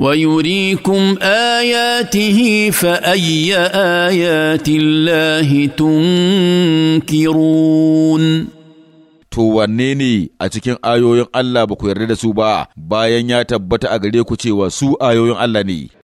ويريكم اياته فاي ايات الله تنكرون To wanne ne a cikin ayoyin Allah ba ku yarda da su ba bayan ya tabbata a gare ku cewa su ayoyin Allah ne.